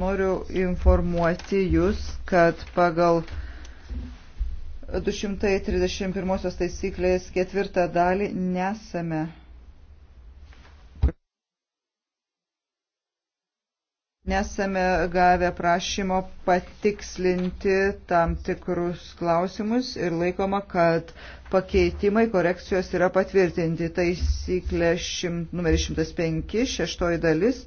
Noriu informuoti Jūs, kad pagal 231 taisyklės ketvirtą dalį nesame. Nesame gavę prašymo patikslinti tam tikrus klausimus ir laikoma, kad pakeitimai korekcijos yra patvirtinti. Taisyklė numeris 105, šeštoji dalis.